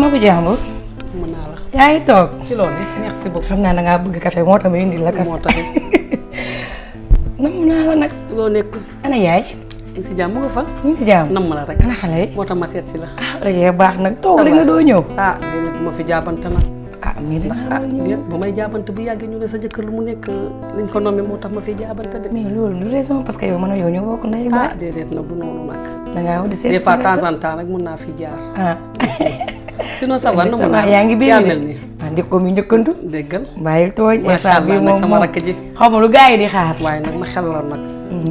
waaw ko jàmbur. mën naa la ci loolu merci beaucoup. xam naa da bëgg café moo tax indi la café. moo tax nam la nag. loo nekk. ana yaay. ngi si jàmm nga fa. ngi si jàmm nam rek. ana xale yi. Ya, ma seet si la. ah rajo baax nag. rek nga doo ñëw. ah léegi ah, ma fi jaabante ah nah, mais de ah ba may jaabante bu yàggee ñu ne sa lu mu liñ ko nommé ma fi de. mais lu raison parce que yow yow ñoo ndey. ah du da wax di seet des fois temps en temps fi jaar. ah sino sabanno mo na yaa ngi benn man di hmm. ko mi njëkkantu déggal bàyyil tooñ instant bi moom sama rakk ji xaw ma lu gars yi di xaar waaye nag ma xel lool nag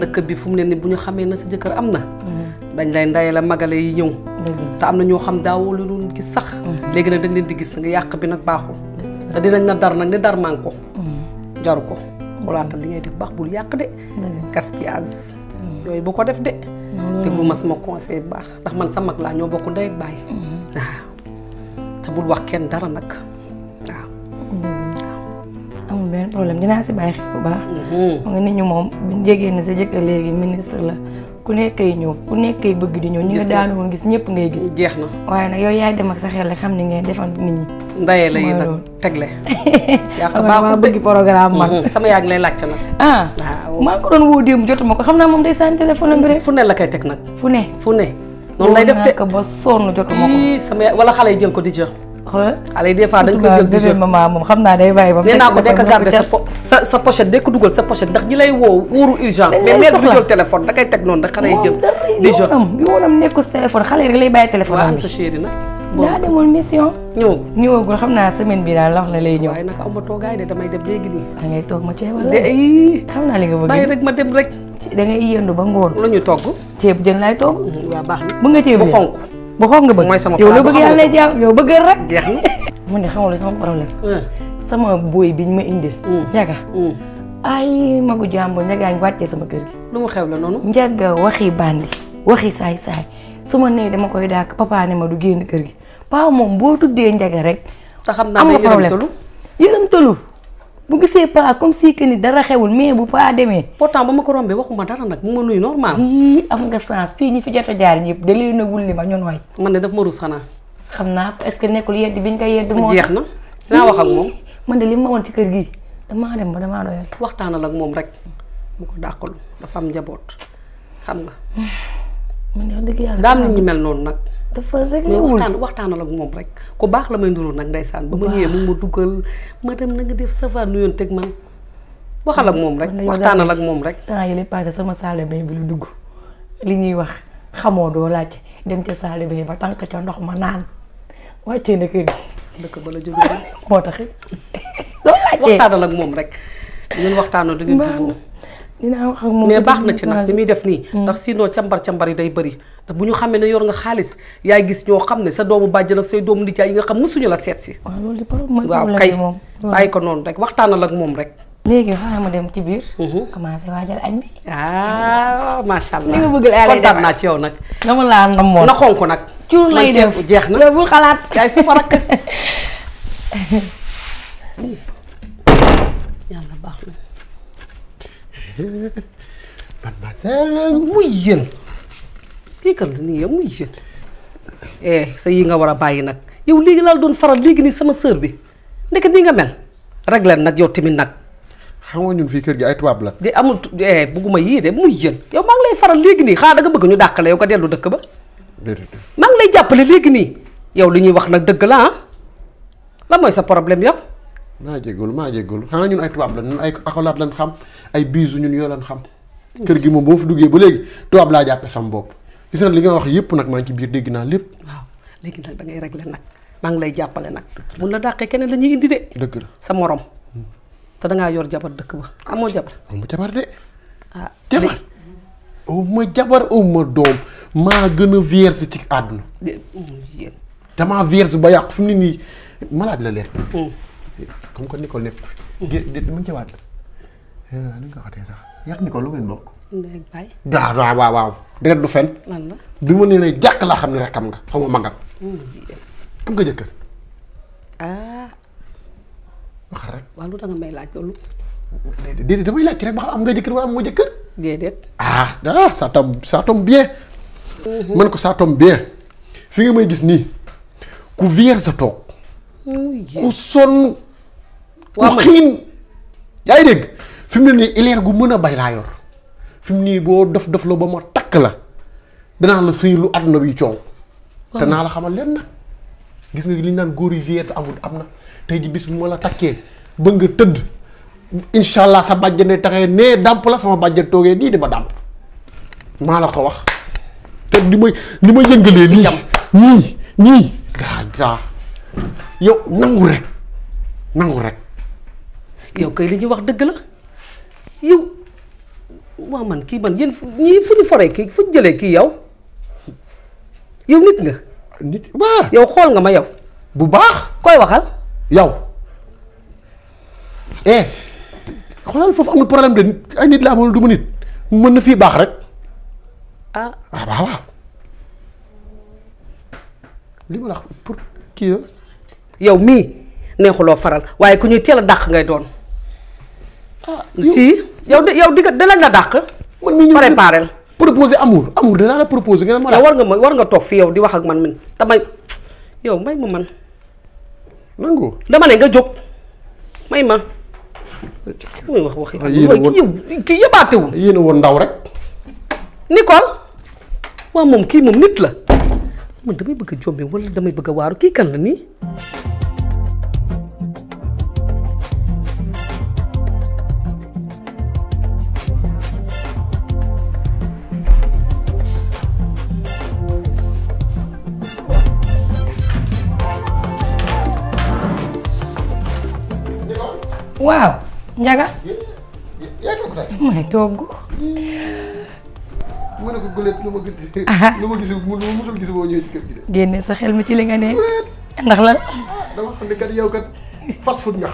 dëkk bi fu mu ne ni bu ñu xamee na sa jëkkër am na dañ lay ndaye la magale yi ñëw te am na ñoo xam daawoo lu doon gis sax léegi nag dañ leen di gis nga yàq bi nag baaxul te dinañ na dar nag ne dar man ko ko xoolaatal li ngay def baax bul yàq de gaspillage yooyu bu ko def de te bu ma sama conseil baax ndax man sa mag ñoo bokk ndey ak baay bul wax kenn dara nag waaw. amul benn problème dinaa si bàyyi xel bu baax. Mhm. nga nit ñu moom buñ jegee ne sa jëkkër léegi ministre la ku nekkay ñëw ku nekkay bëgg di ñëw. ñi nga daanu woon gis ñëpp ngay gis. jeex na waaye nag yow yaay dem ak sa xel xam ne ngay defal nit ñi. ndaye lay nag tegle. yaakaar baaxul bëgg programme man. Mhm. sama yaa lay laajte nag. ah maa ko doon woo démb jotuma ko xam naa moom day sànni téléphone am rek. fu ne la koy teg nag. fu ne fu ne. noonu lay def te ba sonn jotuma ko. sama wala xale yi ko di jël. xale yi des fois dañ koy moom xam naa day bàyyi ba mu nee naa ko dekk garder sa sa sa pochette dekk dugal sa pochette ndax ñi lay woo wóoru urgence mais mère du jël téléphone da kay teg noonu rek xale yi jël di jël yoonam lay bàyyi téléphone am chéri na daa demoon mission. ñëw ñëwagul xam naa semaine bi daal wax na lay ñëw. waaye nag aw ma toogaay de damay dem léegi nii. da ngay toog ma ceebal la xam naa li nga bëgg bàyyi rek ma dem rek. da ngay yëndu ba ngoon. lu ñu togg. ceeb jën laay togg. Mm, waaw baax na bu nga ceeb bu xonk. bu xonk nga bëgg mooy sama yow la bëgg yàlla lay jaam yow bëggal rek. jeex na mu ne xamul sama problème. sama booy bi ñu ma indil. Mm. njaga mm. ay magu jàmbur ñu wàccee sama kër gi. lu xew la noonu. njaga waxi bandi waxi saay saay su ma nee dama koy dàkk papa ma du génn kër gi waaw moom boo tuddee njaga rek. te xam naa ne yërëmtalu yërëmtalu bu gisee paa comme si que ni dara xewul mais bu paa demee. pourtant ba ma ko rombee waxuma dara nag mu ma nuyu normal. yii am nga sens fii ñu fi jot jaar ñëpp da leen a wulli ma ñu waay. man ne daf ma rus xanaa. xam naa est-ce que nekkul yedd biñ ko yedd. moo jeex na dinaa wax ak moom. man de li ma woon ci kër gi damaa dem ba damaa doyal. waxtaanal ak moom rek mu ko dàqalu dafa am njaboot xam nga. man de wax mel noonu nag. dafa réglé mais waxtaan waxtaanal ak moom rek ku baax la may nduru nag ndeysaan ba ma ñëwee mu ma dugal ma dem na nga def savoir nu yoon teg man waxal ak moom rek waxtaanal ak moom rek temps yi lay passé sama salle de bain bi lu dugg li ñuy wax xamoo doo dem ca salle de ba tànk ca ndox ma naan wàccee na kër gi dëkk ba la jógee moo tax doo ak moom rek ñun ngeen dinaa wax ak moom baax na ci nag li muy def nii mm. ndax sinon cambar cambar yi day bëri te bu ñu xamee ne yor nga xaalis yaay gis ñoo xam ne sa doomu bàjjan ak say doomu nijaay yi nga xam musuñu la seet si waaw loolu di problème waaw kay bàyyi ko noonu rek waxtaanal ak moom rek léegi xaaral ma dem ci biir. Mhm. commencé waajal añ bi. ah macha allah li nga bëgg laa lay def kontaan naa ci yow nag. dama laa namoon na xonk nag. cuur lay def jeex na bu xalaat. yaay si farak. yàlla baax ban ba sa muy yéen eh sa yi nga war a bàyyi yow doon faral léegi ni sama sœur bi ndeke nii nga mel régler nag yow tamit nag xam nga ñun kër gi ay la amul eh bugguma yii de yow ngi lay faral léegi ni. xaa da nga bëgg ñu dàqale yow ko ba maa ngi lay jàppale léegi nii yow li ñuy wax nag dëgg la ah sa problème yow maa jégalu maa jégalu xanaa ñun ay tubaab la ñun ay akolaat lañ xam ay biisu ñun yoo lañ xam. kër gi moom boo fi duggee ba léegi tubaab laa jàppee sam bopp. gis na li nga wax yëpp nag maa ngi ci biir dégg lépp. waaw léegi nag da ngay régler nag maa ngi lay jàppale nag. mun la dàqee keneen la ñuy indi de. dëgg la sa morom. Hmm. te da yor jabar dëkk ba amoo jabar. amoo jabar de. ah jabar. aw ma jabar aw ma doom maa gën a vierge ci àdduna. Mm, damaa vierge ba yàqu fi mu ne nii malade la leen. Hmm. comme que kan Nicole nekk fi di mu ci waat la ni nga xatee sax yàq Nicole lu ngeen bokk daa waaw waaw waaw deret du fen bi mu kamu ne kamu laa oh, iya. kamu ne rakam nga xaw ma kamu am nga jëkkër ah wax rek waaw lu da nga may laaj loolu déedéet damay laaj rek ba xam am nga jëkkër wala am nga jëkkër déedéet ah ah ça tombe ça tombe bien mhm. man ko ça tombe bien fi nga may gis nii ku vierge toog ku oh, iya. sonn ku xiin deg. Film ini ilir mu ne nii ileer gu daf-daf bay laa yor fi mu dof dof la la lu àdduna bi coow te kamar la xamal leen nag gis nga li ñu naan góor amul ji bis bu la takkee ba nga allah sa bàjjen day taxee la sama budget toogee nii di ma madam, maa la ko wax te di mui li ni ni lii nii nii nangure rek yow kay li ñuy wax dëgg la yow waa man kii man yéen fu ñii fu foree kii fu ñu jëlee kii yow yow nit nga. nit waaw yow xool nga ma yow. bu baax koy waxal. yow eh xoolal foofu amul problème de ay nit la amul du nit mën na fii baax rek. ah ah waaw waaw li ma la wax pour kii la. yow mii neexuloo faral waaye ku ñuy teel dàq ngay doon. Ah, si yow de yow di ko danañ la dàq. man mii ñu préparé la. proposé amour amour danaa la proposé nga ne ma. war nga ma war nga toog fi yow di wax ak man man damay yow may ma man. nangu dama ne nga jóg may ma. wax wax ah, yow kii yëbaatewul. yéen a woon ndaw rek. Nicole. waaw moom kii moom nit la man damay bëgg a jombe damay bëgg a waaru kii kan la nii. waaw njaga yaa togg tey may génne sa xel mi ci li nga ne ndax la ah, dama xam ne kat yow kat fast food nga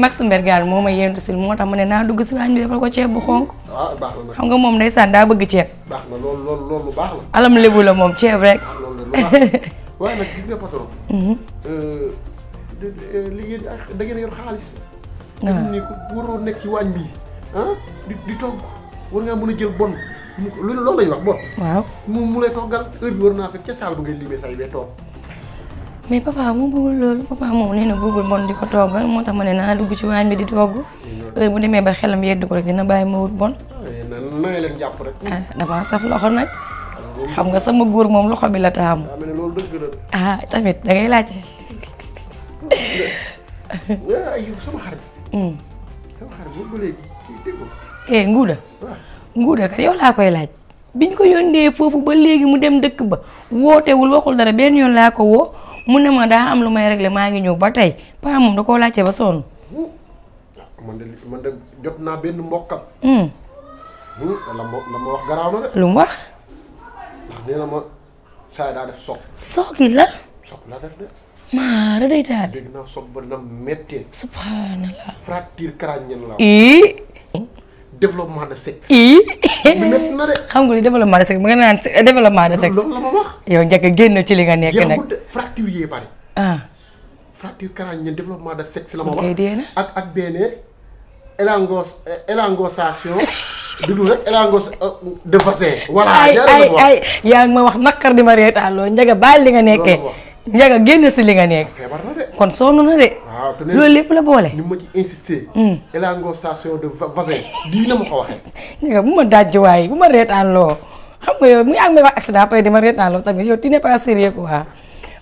Max Mbergane moo ma yendu sil moo tax ma ne naa dugg si waañ bi defal ko ceeb bu xonk ah, xam nga moom ndeysaan daa bëgg ceeb baax na loolu loolu alam lébu la moom ceeb rek ah, Euh, li yéen da ngeen yor xaalis. waaw ah. daf ni ko waroo nekk ci mu mu lay toggal heure loolu papa moom nee na bon di ko toggal moo tax ma ne naa dugg ci waañ bi di togg. Mm-hmm. heure bu demee ba xelam yedd ko rek dina bàyyi ma wut bon. Eh, na ah damaa saf loxo nag. Ah, xam nga sama góor moom loxo bi la taamu. ah tamit da ngay laajte. ah yow sama xarit. Hmm. sama xarit ba léegi kii dégg ko. Eh, yow laa koy laaj. biñ ko yónnee foofu ba léegi mu dem dëkk ba wootewul waxul dara benn yoon laa ko woo mu ne ma daa am lu may régler maa ngi ñëw ba tey paa moom da koo laajte ba sonn. Ah, man de man hmm. lu mu wax. ndax nee daa def soog. soog yi lan. maara deh tadi? Dia naa sok bernam mete. subhanallah Fratir keranjen lah. i Develop mada sexe i xam nga ni développement de sexe mu Develop naan développement Develop lama mah. la jaga gen yow njëkk génn ya li nga ya nekk nag fracture yee ah fracture crânienne develop de sexe ya, lama mah. wax ak ak benn élangos élangosation dugg rek Dulu de vaccin voilà ay ay ay yaa Yang ma nakar di ma alon jaga bal dengan li nga ya, njaga génn si li nga nekk. feebar na de. kon sonn na de. waaw loolu lépp la boole. ni ma ci insister. Hmm. élango station de vaccin na ma ko waxee. njaga bu ma dajji waaye bu ma reetaan loo xam nga yow mu ngi ànd ak accident après di ma reetaan loo tamit yow tu n'es pas sérieux quoi.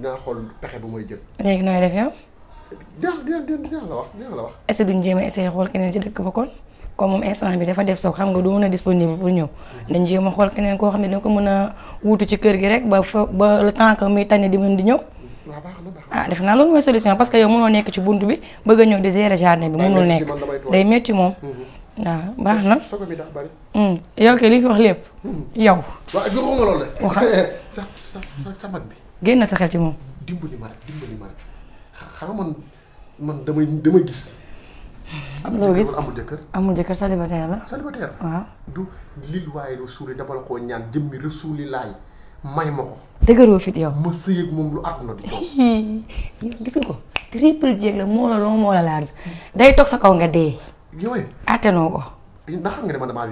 naa xool pexe bu may jël. léegi nooy def yow. dina du dina la wax dina la a essayer xool keneen ci dëkk ba kon comme moom instant bi dafa def soog xam nga du mën a disponible pour ñëw. dañ jéem a xool keneen koo xam ne dina ko mën a wuutu ci kër gi rek ba fa ba le temps que muy di mën di ñëw. waaw baax na baax na ah def naa loolu mooy solution parce que yow mënoo nekk ci bunt bi bëgg a ñëw di gérer jardin bi mënul nekk day métti moom. waaw mhm. ah, baax na hmm. yow kay li fi wax lépp hmm. yow. waaw loolu de. wax sa sa bi. génn sa xel ci moom. dimbali ma rek dimbali ma xa xanaa man man damay damay gis. amul jëkkër amul jëkkër célibataire la. célibataire waaw. du lil waaye rasuuli dama la koo ñaan jëmmi rasuuli may ma ko. dëgëroo fit yow. ma sëyeeg moom lu àdduna di gis nga ko triple jéeg la moo la loo moo la laaj day toog sa kaw nga dee. yow it. Eh. atténoo ko. Eh, ndax xam nga ne man damaa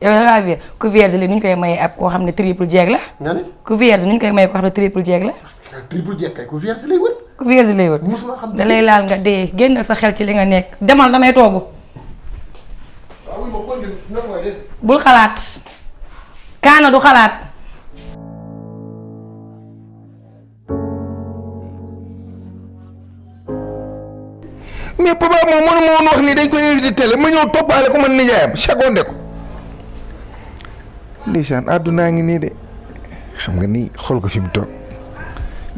yow da ngaa wér ku vierge nu ñu koy maye ak koo xam ne triple jeeg la. nga ne ku koy maye koo xam ne jeeg la. Ah, triple jeeg kay lay wër. ku xam da laal nga dee génn sa xel ci li nga nekk demal damay toogu. Ah, bul xalaat. kaana du xalaat. mais papa moom mënu wax ni dañ koy invité télé ma ñëw toppaale ko man nijaayam seconde ko. ndeysaan àddunaa ngi nii de xam nga ni xol ko fi mu toog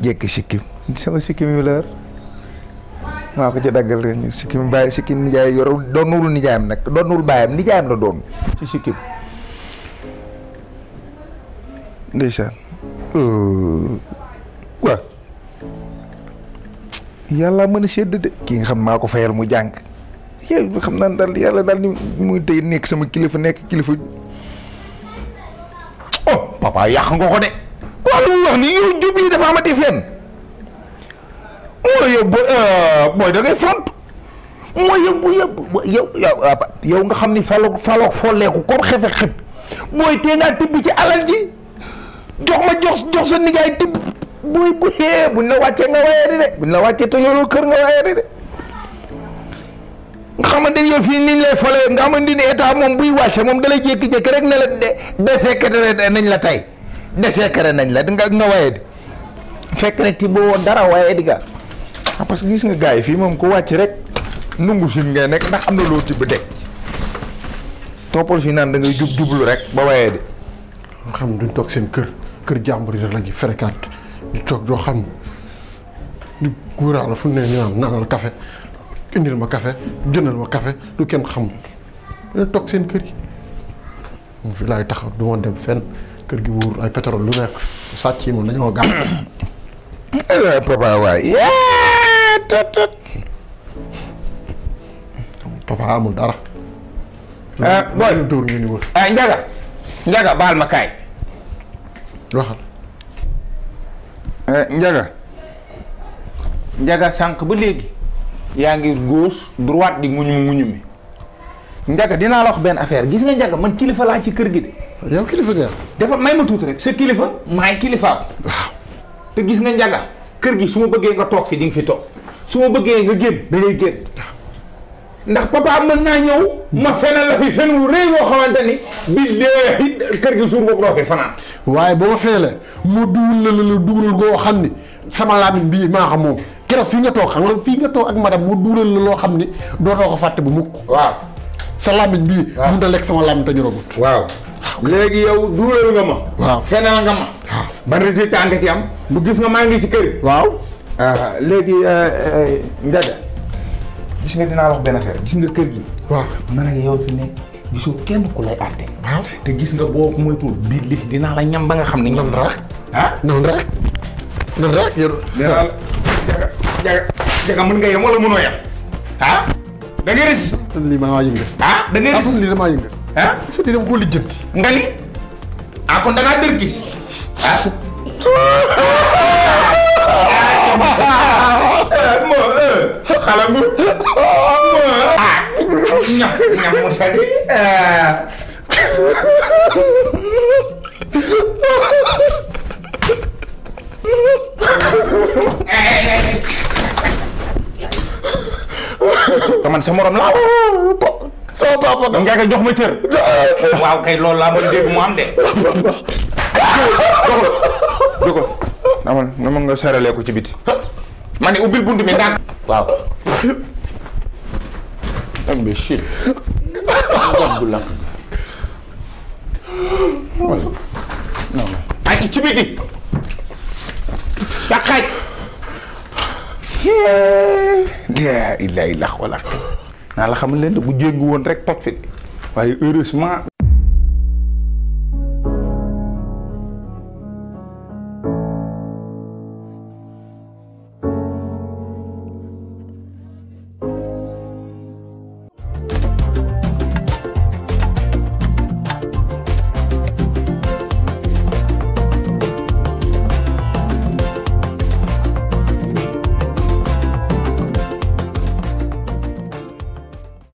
jekki sikkim sama sikkim yu leer maa ko ci daggal rek ñu sikkim bàyyi sikkim nijaay yorul doonul nijaayam nag doonul bàyyam nijaayam la doon ci sikkim ndeysaan waa yàlla mën a sedd de ki nga xam maa ko fayal mu jàng yow xam naa daal yàlla daal ni muy tey nekk sama kilifa nekk kilifa papa yàq nga ko de quoi mu wax nii yow jub dafa amati fenn mooy yow euh, booy da ngay font mooy yow bu yow ah, yow nga xam ni faloog faloog folleeku comme xefe xib booy tee ngaa tibb ci alal ji jox ma jox jox sa nijaay tibb booy bu xee buñ la wàccee nga waaye de buñ la wàccee te yooloo kër nga waaye de. nga xamante ni fii niñ lay folee nga xamante ni état moom buy wàcce moom dalay jékki-jékki rek ne la désécré nañ la tey désécré nañ la nga nga waaye di fekk na ti boo dara waaye di nga ah, parce que gis nga gars yi fii moom ku wàcc rek nungu sin ngay nekk ndax am na loo tibb dekk toppal fii naan da ngay jub jublu rek ba waaye di xam duñ toog seen kër kër jàmbur yi rek la ñuy fréquente toog doo xam di guuraala fu ne ñu naan naan la indil ma café jëndal ma kafe lu kenn xamul dina toog seen kër yi moom fi laay taxaw du ma dem fenn kër gi wóor ay pétrole lu nekk sàcc yi moom dañoo gaaw. aywa papa waay yaa tot amul dara. booy ñu tuur ñu ni wër. ah eh, Ndiaga. Ndiaga ma kaay. waxal. Eh, Ndiaga. Ndiaga sànq ba léegi. yaa ngi gauche droite di nguñum nguñumi ndiaka dina la wax ben affaire gis nga ndiaka man kilifa la ci kër gi de yow kilifa nga dafa may ma tout rek ce kilifa maay kilifaaw te gis nga ndiaka kër gi suma ma bëggee nga tok fi ding fi tok suma ma bëggee nga génn da ngay génn ndax papa mën na ñew ma fena la fi fen wu reew yo xamanteni bi dee kër gi suur bokk doo fi waye bo fa fele mo duul la la duul go xamni sama lamine bi ma xam mom kéro fi nga tok xam fi nga tok ak madame mo doulal la lo xamni do do ko fatte bu mukk waaw sa lamine bi mu da lekk sama lamine te ñu robut waaw ah, legui yow doulal nga ma waaw fenal nga ma ah. ban resultat nga ci am bu gis nga ma ngi ci kër waaw ah, léegi euh, euh, ndada gis nga dinaa wax ben affaire gis nga kër gi waaw man nga yow fi nek gisou kenn ku lay waaw te gis nga moy tour bi li dina la ñam ba nga xamni ne ñam ah non rek non rek yow jaga jaga mën nga yem wala mënoo yem ah da nga rësi lii man maa yëngal ah da nga rësi lii damaa yëngal ah su lii dama koo lijjanti nga ni ah kon da ngaa dër gis ah mo xalam bu mo ah ñam ñam mo sa di eh eh eh, eh teman man orang morom laa ko sama papa nga wow kayak ma cër di rumah loolu laa mën dégg mu am de doxal doxal namal nama nga saralee ko ci biti ma ne ubbil bunt bi ndànk waaw laa ilaaha illallaah wala naa la xamal leen bu jéngu woon rek toj fi waaye heureusement